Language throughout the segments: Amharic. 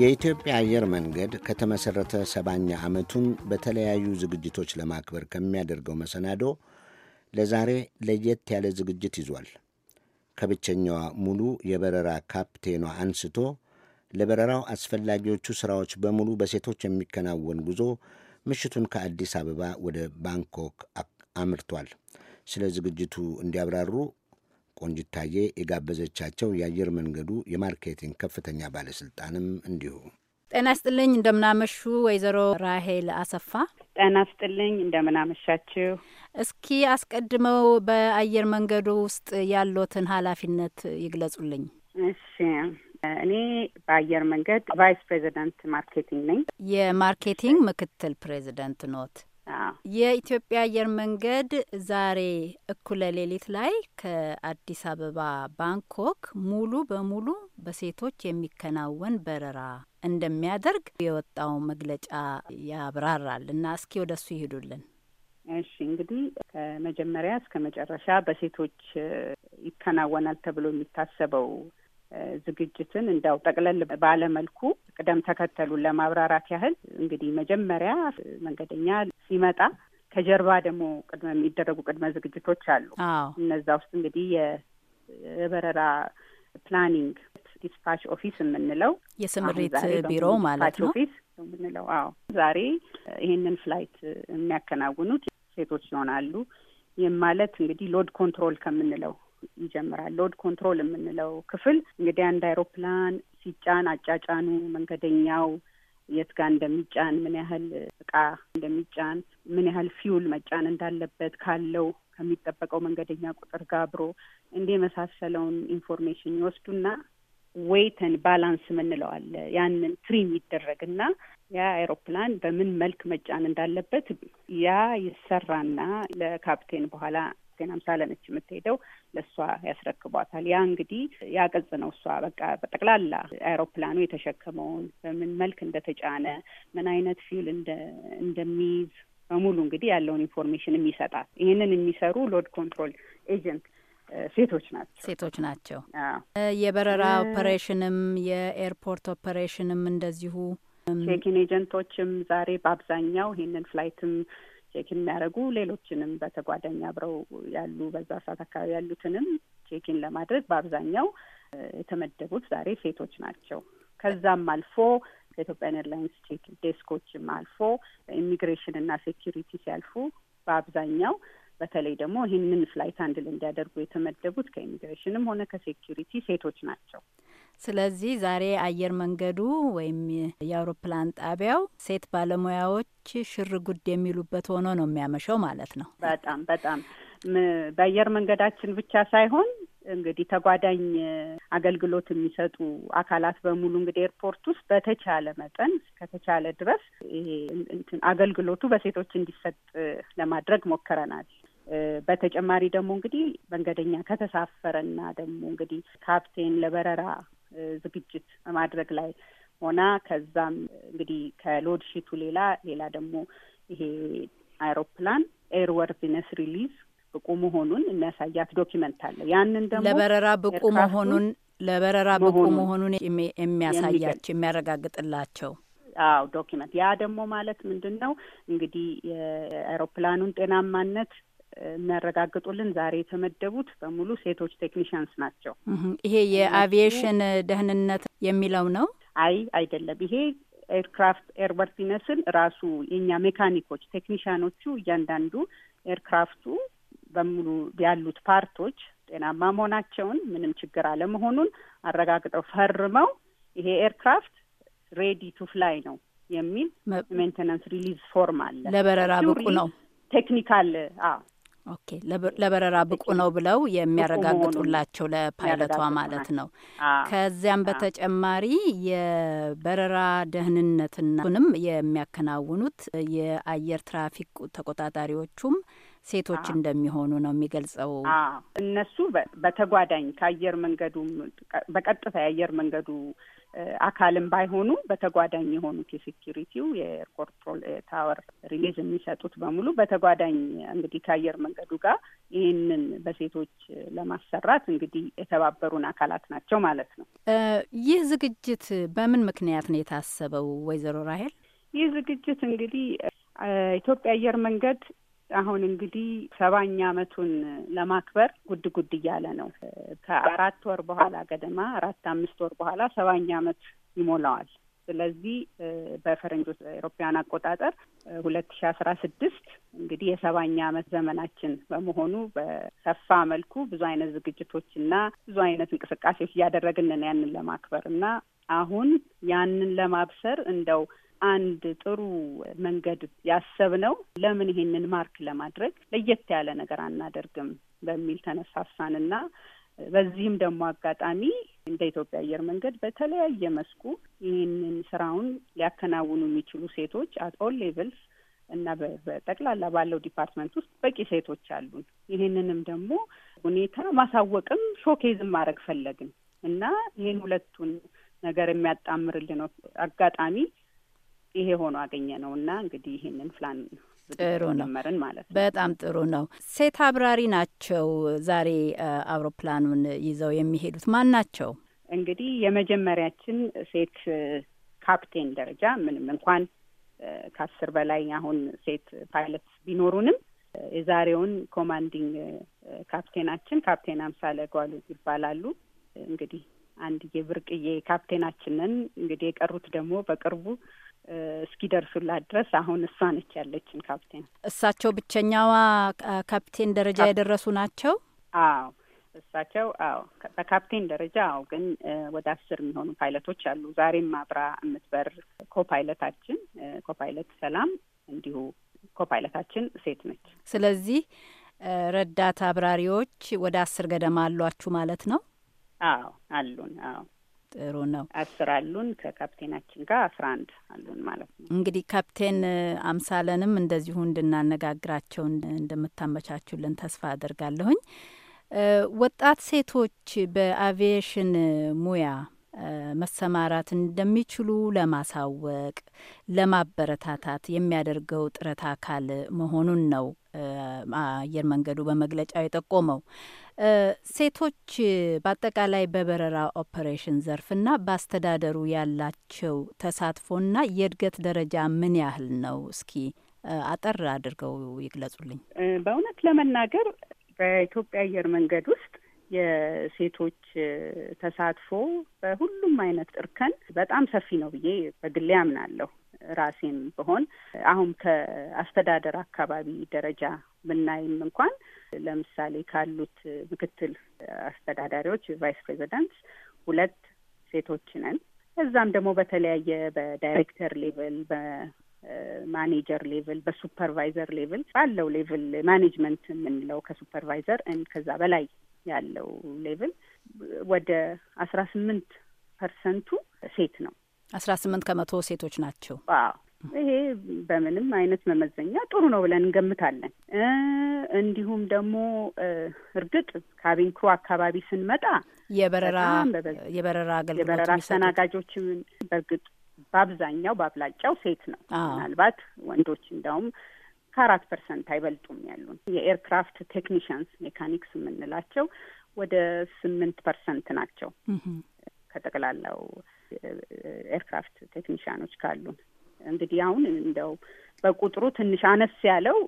የኢትዮጵያ አየር መንገድ ከተመሠረተ ሰባኛ ዓመቱን በተለያዩ ዝግጅቶች ለማክበር ከሚያደርገው መሰናዶ ለዛሬ ለየት ያለ ዝግጅት ይዟል። ከብቸኛዋ ሙሉ የበረራ ካፕቴኗ አንስቶ ለበረራው አስፈላጊዎቹ ሥራዎች በሙሉ በሴቶች የሚከናወን ጉዞ ምሽቱን ከአዲስ አበባ ወደ ባንኮክ አምርቷል። ስለ ዝግጅቱ እንዲያብራሩ ቆንጅታዬ የጋበዘቻቸው የአየር መንገዱ የማርኬቲንግ ከፍተኛ ባለስልጣንም እንዲሁ። ጤና ይስጥልኝ፣ እንደምናመሹ ወይዘሮ ራሄል አሰፋ። ጤና ይስጥልኝ፣ እንደምናመሻችሁ። እስኪ አስቀድመው በአየር መንገዱ ውስጥ ያለትን ኃላፊነት ይግለጹልኝ። እሺ እኔ በአየር መንገድ ቫይስ ፕሬዚደንት ማርኬቲንግ ነኝ። የማርኬቲንግ ምክትል ፕሬዚደንት ኖት? የኢትዮጵያ አየር መንገድ ዛሬ እኩለ ሌሊት ላይ ከአዲስ አበባ ባንኮክ ሙሉ በሙሉ በሴቶች የሚከናወን በረራ እንደሚያደርግ የወጣው መግለጫ ያብራራል እና እስኪ ወደ እሱ ይሄዱልን። እሺ እንግዲህ ከመጀመሪያ እስከ መጨረሻ በሴቶች ይከናወናል ተብሎ የሚታሰበው ዝግጅትን እንዳው ጠቅለል ባለመልኩ ቅደም ተከተሉን ለማብራራት ያህል እንግዲህ መጀመሪያ መንገደኛ ሲመጣ ከጀርባ ደግሞ ቅድመ የሚደረጉ ቅድመ ዝግጅቶች አሉ። እነዛ ውስጥ እንግዲህ የበረራ ፕላኒንግ ዲስፓች ኦፊስ የምንለው የስምሪት ቢሮ ማለት ነው። ኦፊስ የምንለው አዎ፣ ዛሬ ይህንን ፍላይት የሚያከናውኑት ሴቶች ይሆናሉ። ይህም ማለት እንግዲህ ሎድ ኮንትሮል ከምንለው ይጀምራል። ሎድ ኮንትሮል የምንለው ክፍል እንግዲህ አንድ አይሮፕላን ሲጫን አጫጫኑ፣ መንገደኛው የት ጋር እንደሚጫን፣ ምን ያህል እቃ እንደሚጫን፣ ምን ያህል ፊውል መጫን እንዳለበት ካለው ከሚጠበቀው መንገደኛ ቁጥር ጋር አብሮ እንዲህ የመሳሰለውን ኢንፎርሜሽን ይወስዱና ዌይትን ባላንስ የምንለው ያንን ትሪም ይደረግና ያ አይሮፕላን በምን መልክ መጫን እንዳለበት ያ ይሰራና ለካፕቴን በኋላ ቴን አምሳ ለነች የምትሄደው ለእሷ ያስረክቧታል። ያ እንግዲህ ያቀጽ ነው። እሷ በቃ በጠቅላላ አይሮፕላኑ የተሸከመውን በምን መልክ እንደተጫነ ምን አይነት ፊውል እንደሚይዝ በሙሉ እንግዲህ ያለውን ኢንፎርሜሽን የሚሰጣት ይህንን የሚሰሩ ሎድ ኮንትሮል ኤጀንት ሴቶች ናቸው ሴቶች ናቸው። የበረራ ኦፐሬሽንም የኤርፖርት ኦፐሬሽንም እንደዚሁ ቼኪን ኤጀንቶችም ዛሬ በአብዛኛው ይህንን ፍላይትም ቼክ የሚያደርጉ ሌሎችንም በተጓዳኝ አብረው ያሉ በዛ ሰዓት አካባቢ ያሉትንም ቼኪን ለማድረግ በአብዛኛው የተመደቡት ዛሬ ሴቶች ናቸው። ከዛም አልፎ ከኢትዮጵያ ኤርላይንስ ቼክ ዴስኮችም አልፎ ኢሚግሬሽን እና ሴኪሪቲ ሲያልፉ በአብዛኛው በተለይ ደግሞ ይህንን ፍላይት አንድል እንዲያደርጉ የተመደቡት ከኢሚግሬሽንም ሆነ ከሴኪሪቲ ሴቶች ናቸው። ስለዚህ ዛሬ አየር መንገዱ ወይም የአውሮፕላን ጣቢያው ሴት ባለሙያዎች ሽር ጉድ የሚሉበት ሆኖ ነው የሚያመሸው ማለት ነው። በጣም በጣም በአየር መንገዳችን ብቻ ሳይሆን እንግዲህ ተጓዳኝ አገልግሎት የሚሰጡ አካላት በሙሉ እንግዲህ ኤርፖርት ውስጥ በተቻለ መጠን ከተቻለ ድረስ ይሄ አገልግሎቱ በሴቶች እንዲሰጥ ለማድረግ ሞክረናል። በተጨማሪ ደግሞ እንግዲህ መንገደኛ ከተሳፈረና ደግሞ እንግዲህ ካፕቴን ለበረራ ዝግጅት ማድረግ ላይ ሆና ከዛም እንግዲህ ከሎድሺቱ ሌላ ሌላ ደግሞ ይሄ አይሮፕላን ኤርወርዚነስ ሪሊዝ ብቁ መሆኑን የሚያሳያት ዶኪመንት አለ። ያንን ደግሞ ለበረራ ብቁ መሆኑን ለበረራ ብቁ መሆኑን የሚያሳያቸው የሚያረጋግጥላቸው አዎ ዶኪመንት። ያ ደግሞ ማለት ምንድን ነው እንግዲህ የአይሮፕላኑን ጤናማነት የሚያረጋግጡልን ዛሬ የተመደቡት በሙሉ ሴቶች ቴክኒሽያንስ ናቸው። ይሄ የአቪዬሽን ደህንነት የሚለው ነው? አይ አይደለም። ይሄ ኤርክራፍት ኤርወርቲነስን ራሱ የኛ ሜካኒኮች ቴክኒሽያኖቹ እያንዳንዱ ኤርክራፍቱ በሙሉ ያሉት ፓርቶች ጤናማ መሆናቸውን ምንም ችግር አለመሆኑን አረጋግጠው ፈርመው ይሄ ኤርክራፍት ሬዲ ቱ ፍላይ ነው የሚል ሜንቴናንስ ሪሊዝ ፎርም አለ። ለበረራ ብቁ ነው። ቴክኒካል ኦኬ፣ ለበረራ ብቁ ነው ብለው የሚያረጋግጡላቸው ለፓይለቷ ማለት ነው። ከዚያም በተጨማሪ የበረራ ደህንነትናንም የሚያከናውኑት የአየር ትራፊክ ተቆጣጣሪዎቹም ሴቶች እንደሚሆኑ ነው የሚገልጸው። እነሱ በተጓዳኝ ከአየር መንገዱ በቀጥታ የአየር መንገዱ አካልም ባይሆኑ በተጓዳኝ የሆኑት የሴኪሪቲው የኤር ታወር ሪሊዝ የሚሰጡት በሙሉ በተጓዳኝ እንግዲህ ከአየር መንገዱ ጋር ይህንን በሴቶች ለማሰራት እንግዲህ የተባበሩን አካላት ናቸው ማለት ነው። ይህ ዝግጅት በምን ምክንያት ነው የታሰበው? ወይዘሮ ራሄል ይህ ዝግጅት እንግዲህ ኢትዮጵያ አየር መንገድ አሁን እንግዲህ ሰባኛ አመቱን ለማክበር ጉድ ጉድ እያለ ነው። ከአራት ወር በኋላ ገደማ አራት አምስት ወር በኋላ ሰባኛ ዓመት ይሞላዋል። ስለዚህ በፈረንጆች ኤሮፓያን አቆጣጠር ሁለት ሺ አስራ ስድስት እንግዲህ የሰባኛ ዓመት ዘመናችን በመሆኑ በሰፋ መልኩ ብዙ አይነት ዝግጅቶችና ብዙ አይነት እንቅስቃሴዎች እያደረግን ያንን ለማክበር እና አሁን ያንን ለማብሰር እንደው አንድ ጥሩ መንገድ ያሰብነው ለምን ይሄንን ማርክ ለማድረግ ለየት ያለ ነገር አናደርግም በሚል ተነሳሳንና በዚህም ደግሞ አጋጣሚ እንደ ኢትዮጵያ አየር መንገድ በተለያየ መስኩ ይህንን ስራውን ሊያከናውኑ የሚችሉ ሴቶች አት ኦል ሌቭልስ እና በጠቅላላ ባለው ዲፓርትመንት ውስጥ በቂ ሴቶች አሉን። ይህንንም ደግሞ ሁኔታ ማሳወቅም ሾኬዝም ማድረግ ፈለግን እና ይህን ሁለቱን ነገር የሚያጣምርልን አጋጣሚ ይሄ ሆኖ አገኘ ነው እና እንግዲህ ይህንን ፕላን ጥሩ ነው ማለት በጣም ጥሩ ነው። ሴት አብራሪ ናቸው ዛሬ አውሮፕላኑን ይዘው የሚሄዱት ማን ናቸው? እንግዲህ የመጀመሪያችን ሴት ካፕቴን ደረጃ ምንም እንኳን ከአስር በላይ አሁን ሴት ፓይለት ቢኖሩንም የዛሬውን ኮማንዲንግ ካፕቴናችን ካፕቴን አምሳለ ጓሉ ይባላሉ። እንግዲህ አንድ የብርቅዬ ካፕቴናችንን እንግዲህ የቀሩት ደግሞ በቅርቡ እስኪደርሱላት ድረስ አሁን እሷ ነች ያለችን ካፕቴን። እሳቸው ብቸኛዋ ካፕቴን ደረጃ የደረሱ ናቸው? አዎ እሳቸው አዎ፣ በካፕቴን ደረጃ አዎ። ግን ወደ አስር የሚሆኑ ፓይለቶች አሉ። ዛሬም አብራ የምትበር ኮፓይለታችን ኮፓይለት ሰላም እንዲሁ ኮፓይለታችን ሴት ነች። ስለዚህ ረዳት አብራሪዎች ወደ አስር ገደማ አሏችሁ ማለት ነው? አዎ አሉን። አዎ ጥሩ ነው። አስር አሉን ከካፕቴናችን ጋር አስራ አንድ አሉን ማለት ነው። እንግዲህ ካፕቴን አምሳለንም እንደዚሁ እንድናነጋግራቸው እንደምታመቻቹልን ተስፋ አድርጋለሁኝ። ወጣት ሴቶች በአቪዬሽን ሙያ መሰማራት እንደሚችሉ ለማሳወቅ ለማበረታታት የሚያደርገው ጥረት አካል መሆኑን ነው አየር መንገዱ በመግለጫው የጠቆመው። ሴቶች በአጠቃላይ በበረራ ኦፐሬሽን ዘርፍና በአስተዳደሩ ያላቸው ተሳትፎና የእድገት ደረጃ ምን ያህል ነው? እስኪ አጠር አድርገው ይግለጹልኝ። በእውነት ለመናገር በኢትዮጵያ አየር መንገድ ውስጥ የሴቶች ተሳትፎ በሁሉም አይነት እርከን በጣም ሰፊ ነው ብዬ በግሌ አምናለሁ። ራሴም ብሆን አሁን ከአስተዳደር አካባቢ ደረጃ ብናይም እንኳን ለምሳሌ ካሉት ምክትል አስተዳዳሪዎች ቫይስ ፕሬዚዳንት ሁለት ሴቶች ነን። እዛም ደግሞ በተለያየ በዳይሬክተር ሌቭል፣ በማኔጀር ሌቭል፣ በሱፐርቫይዘር ሌቭል ባለው ሌቭል ማኔጅመንት የምንለው ከሱፐርቫይዘር ከዛ በላይ ያለው ሌቭል ወደ አስራ ስምንት ፐርሰንቱ ሴት ነው። አስራ ስምንት ከመቶ ሴቶች ናቸው። ይሄ በምንም አይነት መመዘኛ ጥሩ ነው ብለን እንገምታለን። እንዲሁም ደግሞ እርግጥ ካቢን ክሩ አካባቢ ስንመጣ የበረራ የበረራ አገልግሎት የበረራ አስተናጋጆችም በእርግጥ በአብዛኛው በአብላጫው ሴት ነው። ምናልባት ወንዶች እንዲያውም ከአራት ፐርሰንት አይበልጡም ያሉን። የኤርክራፍት ቴክኒሽያንስ ሜካኒክስ የምንላቸው ወደ ስምንት ፐርሰንት ናቸው ከጠቅላላው ኤርክራፍት ቴክኒሽያኖች ካሉን እንግዲህ አሁን እንደው በቁጥሩ ትንሽ አነስ ያለው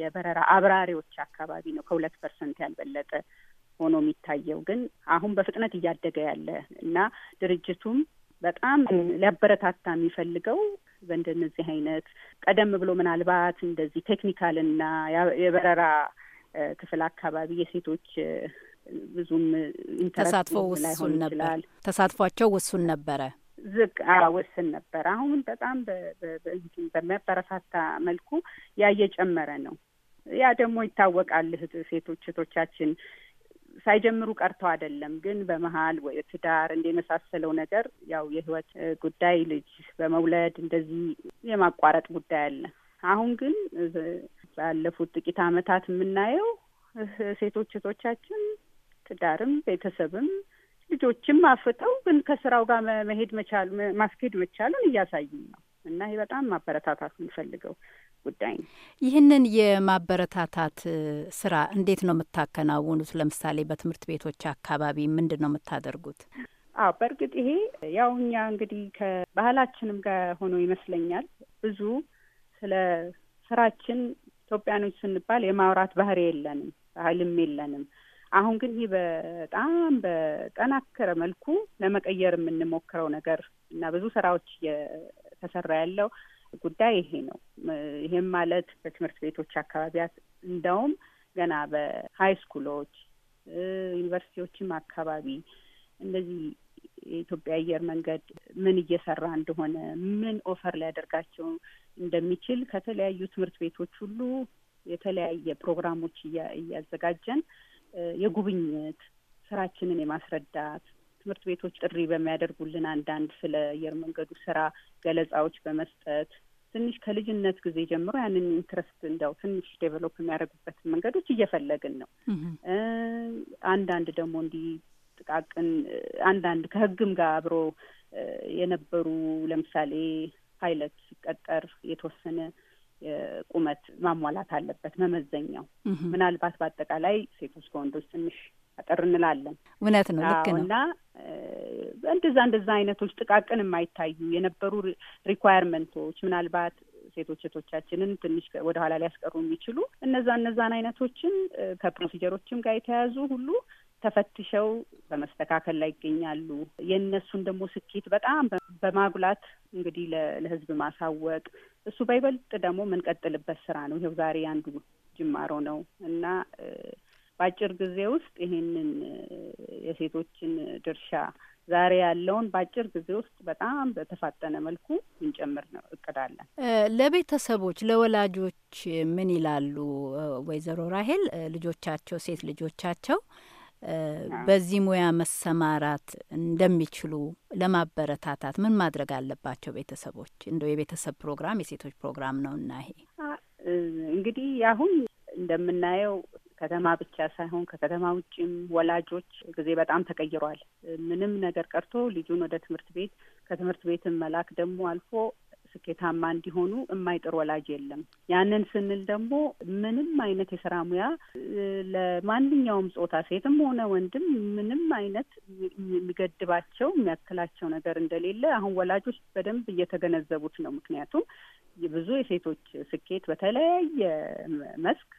የበረራ አብራሪዎች አካባቢ ነው ከሁለት ፐርሰንት ያልበለጠ ሆኖ የሚታየው ግን አሁን በፍጥነት እያደገ ያለ እና ድርጅቱም በጣም ሊያበረታታ የሚፈልገው በእንደነዚህ አይነት ቀደም ብሎ ምናልባት እንደዚህ ቴክኒካልና የበረራ ክፍል አካባቢ የሴቶች ብዙም ተሳትፎ ውሱን ነበር። ተሳትፏቸው ውሱን ነበረ። ዝቅ አወስን ነበር። አሁን በጣም በሚያበረታታ መልኩ ያ እየጨመረ ነው። ያ ደግሞ ይታወቃል። ሴቶች እህቶቻችን ሳይጀምሩ ቀርተው አይደለም፣ ግን በመሀል ወይ ትዳር የመሳሰለው ነገር ያው የህይወት ጉዳይ ልጅ በመውለድ እንደዚህ የማቋረጥ ጉዳይ አለ። አሁን ግን ባለፉት ጥቂት አመታት የምናየው ሴቶች እህቶቻችን ትዳርም ቤተሰብም ልጆችም አፍተው ግን ከስራው ጋር መሄድ መቻል ማስኬድ መቻሉን እያሳዩን ነው እና ይህ በጣም ማበረታታት የምንፈልገው ጉዳይ ነው። ይህንን የማበረታታት ስራ እንዴት ነው የምታከናውኑት? ለምሳሌ በትምህርት ቤቶች አካባቢ ምንድን ነው የምታደርጉት? አዎ በእርግጥ ይሄ ያው እኛ እንግዲህ ከባህላችንም ጋር ሆኖ ይመስለኛል ብዙ ስለ ስራችን ኢትዮጵያኖች ስንባል የማውራት ባህሪ የለንም፣ ባህልም የለንም። አሁን ግን ይህ በጣም በጠናከረ መልኩ ለመቀየር የምንሞክረው ነገር እና ብዙ ስራዎች እየተሰራ ያለው ጉዳይ ይሄ ነው። ይህም ማለት በትምህርት ቤቶች አካባቢያት እንደውም ገና በሀይ ስኩሎች ዩኒቨርሲቲዎችም አካባቢ እንደዚህ የኢትዮጵያ አየር መንገድ ምን እየሰራ እንደሆነ ምን ኦፈር ሊያደርጋቸው እንደሚችል ከተለያዩ ትምህርት ቤቶች ሁሉ የተለያየ ፕሮግራሞች እያዘጋጀን የጉብኝት ስራችንን የማስረዳት ትምህርት ቤቶች ጥሪ በሚያደርጉልን አንዳንድ ስለ አየር መንገዱ ስራ ገለጻዎች በመስጠት ትንሽ ከልጅነት ጊዜ ጀምሮ ያንን ኢንትረስት እንዲያው ትንሽ ዴቨሎፕ የሚያደርጉበትን መንገዶች እየፈለግን ነው። አንዳንድ ደግሞ እንዲህ ጥቃቅን አንዳንድ ከህግም ጋር አብሮ የነበሩ ለምሳሌ ፓይለት ሲቀጠር የተወሰነ ቁመት ማሟላት አለበት መመዘኛው። ምናልባት በአጠቃላይ ሴቶች ከወንዶች ትንሽ አጠር እንላለን። እውነት ነው፣ ልክ ነው። እና እንደዛ እንደዛ አይነቶች ጥቃቅን የማይታዩ የነበሩ ሪኳየርመንቶች ምናልባት ሴቶች እህቶቻችንን ትንሽ ወደኋላ ሊያስቀሩ የሚችሉ እነዛ እነዛን አይነቶችን ከፕሮሲጀሮችም ጋር የተያያዙ ሁሉ ተፈትሸው በመስተካከል ላይ ይገኛሉ። የእነሱን ደግሞ ስኬት በጣም በማጉላት እንግዲህ ለህዝብ ማሳወቅ እሱ በይበልጥ ደግሞ የምንቀጥልበት ስራ ነው። ይኸው ዛሬ አንዱ ጅማሮ ነው እና በአጭር ጊዜ ውስጥ ይሄንን የሴቶችን ድርሻ ዛሬ ያለውን በአጭር ጊዜ ውስጥ በጣም በተፋጠነ መልኩ እንጨምር ነው እቅዳለን። ለቤተሰቦች ለወላጆች ምን ይላሉ? ወይዘሮ ራሄል ልጆቻቸው ሴት ልጆቻቸው በዚህ ሙያ መሰማራት እንደሚችሉ ለማበረታታት ምን ማድረግ አለባቸው ቤተሰቦች? እንደው የቤተሰብ ፕሮግራም የሴቶች ፕሮግራም ነው እና ይሄ እንግዲህ አሁን እንደምናየው ከተማ ብቻ ሳይሆን ከከተማ ውጭም ወላጆች ጊዜ በጣም ተቀይሯል። ምንም ነገር ቀርቶ ልጁን ወደ ትምህርት ቤት ከትምህርት ቤትም መላክ ደግሞ አልፎ ስኬታማ እንዲሆኑ የማይጥር ወላጅ የለም። ያንን ስንል ደግሞ ምንም አይነት የስራ ሙያ ለማንኛውም ጾታ ሴትም ሆነ ወንድም ምንም አይነት የሚገድባቸው የሚያክላቸው ነገር እንደሌለ አሁን ወላጆች በደንብ እየተገነዘቡት ነው። ምክንያቱም ብዙ የሴቶች ስኬት በተለያየ መስክ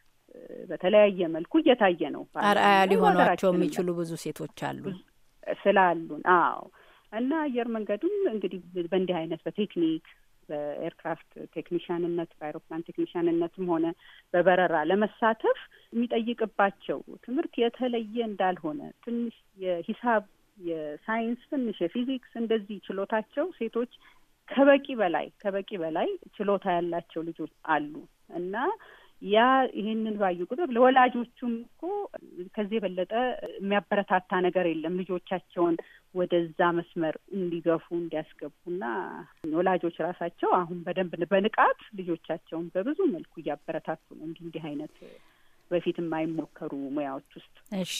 በተለያየ መልኩ እየታየ ነው። አርአያ ሊሆኗቸው የሚችሉ ብዙ ሴቶች አሉ ስላሉን። አዎ እና አየር መንገዱም እንግዲህ በእንዲህ አይነት በቴክኒክ በኤርክራፍት ቴክኒሽያንነት በአይሮፕላን ቴክኒሽያንነትም ሆነ በበረራ ለመሳተፍ የሚጠይቅባቸው ትምህርት የተለየ እንዳልሆነ ትንሽ የሂሳብ፣ የሳይንስ፣ ትንሽ የፊዚክስ እንደዚህ ችሎታቸው ሴቶች ከበቂ በላይ ከበቂ በላይ ችሎታ ያላቸው ልጆች አሉ እና ያ ይሄንን ባዩ ቁጥር ለወላጆቹም እኮ ከዚህ የበለጠ የሚያበረታታ ነገር የለም። ልጆቻቸውን ወደዛ መስመር እንዲገፉ እንዲያስገቡና ወላጆች ራሳቸው አሁን በደንብ በንቃት ልጆቻቸውን በብዙ መልኩ እያበረታቱ ነው እንዲህ እንዲህ አይነት በፊት የማይሞከሩ ሙያዎች ውስጥ እሺ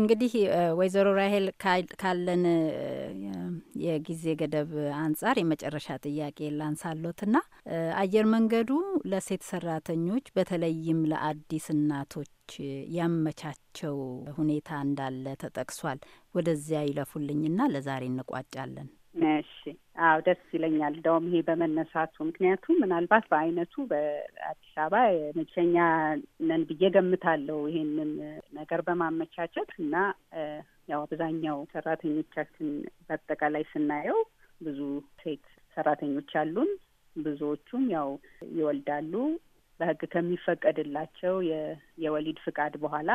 እንግዲህ ወይዘሮ ራሄል ካለን የጊዜ ገደብ አንጻር የመጨረሻ ጥያቄ ላንሳሎትና አየር መንገዱ ለሴት ሰራተኞች በተለይም ለአዲስ እናቶች ያመቻቸው ሁኔታ እንዳለ ተጠቅሷል። ወደዚያ ይለፉልኝና ለዛሬ እንቋጫለን። እሺ አዎ ደስ ይለኛል። እንደውም ይሄ በመነሳቱ ምክንያቱም ምናልባት በአይነቱ በአዲስ አበባ መቸኛ ነን ብዬ ገምታለሁ። ይሄንን ነገር በማመቻቸት እና ያው አብዛኛው ሰራተኞቻችን በአጠቃላይ ስናየው ብዙ ሴት ሰራተኞች አሉን። ብዙዎቹም ያው ይወልዳሉ በህግ ከሚፈቀድላቸው የወሊድ ፍቃድ በኋላ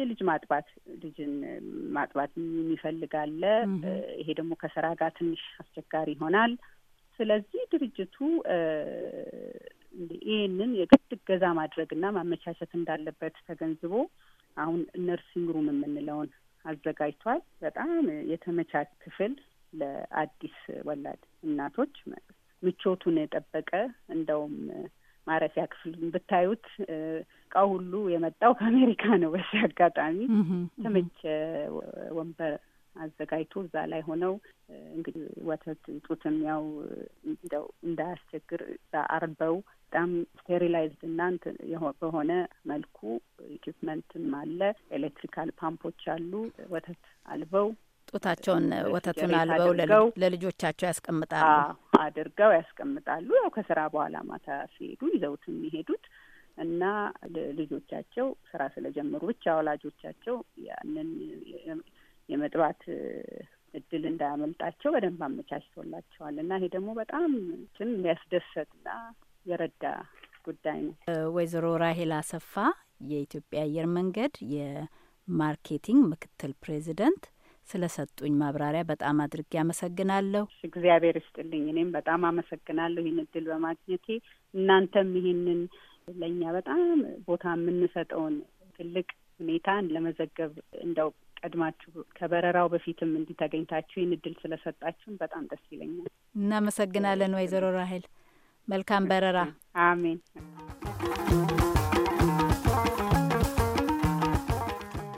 የልጅ ማጥባት ልጅን ማጥባት የሚፈልጋለ ይሄ ደግሞ ከስራ ጋር ትንሽ አስቸጋሪ ይሆናል። ስለዚህ ድርጅቱ ይህንን የግድ እገዛ ማድረግና ማመቻቸት እንዳለበት ተገንዝቦ አሁን ነርሲንግ ሩም የምንለውን አዘጋጅቷል። በጣም የተመቻቸ ክፍል ለአዲስ ወላድ እናቶች ምቾቱን የጠበቀ እንደውም ማረፊያ ክፍል ብታዩት እቃው ሁሉ የመጣው ከአሜሪካ ነው። በዚህ አጋጣሚ ተመቸ ወንበር አዘጋጅቶ እዛ ላይ ሆነው እንግዲህ ወተት ጡትም ያው እንደው እንዳያስቸግር እዛ አርበው በጣም ስቴሪላይዝድ እና በሆነ መልኩ ኢኩፕመንትም አለ። ኤሌክትሪካል ፓምፖች አሉ። ወተት አልበው ጡታቸውን ወተቱን አልበው ለልጆቻቸው ያስቀምጣሉ አድርገው ያስቀምጣሉ። ያው ከስራ በኋላ ማታ ሲሄዱ ይዘውት የሚሄዱት እና ልጆቻቸው ስራ ስለጀመሩ ብቻ ወላጆቻቸው ያንን የመጥባት እድል እንዳያመልጣቸው በደንብ አመቻችቶላቸዋል እና ይሄ ደግሞ በጣም ትን የሚያስደሰትና የረዳ ጉዳይ ነው። ወይዘሮ ራሄል አሰፋ የኢትዮጵያ አየር መንገድ የማርኬቲንግ ምክትል ፕሬዚደንት ስለሰጡኝ ማብራሪያ በጣም አድርጌ አመሰግናለሁ። እግዚአብሔር ይስጥልኝ። እኔም በጣም አመሰግናለሁ ይህን እድል በማግኘቴ እናንተም ይህንን ለእኛ በጣም ቦታ የምንሰጠውን ትልቅ ሁኔታን ለመዘገብ እንደው ቀድማችሁ ከበረራው በፊትም እንዲተገኝታችሁ ይህን እድል ስለሰጣችሁን በጣም ደስ ይለኛል። እናመሰግናለን ወይዘሮ ራሄል። መልካም በረራ። አሜን።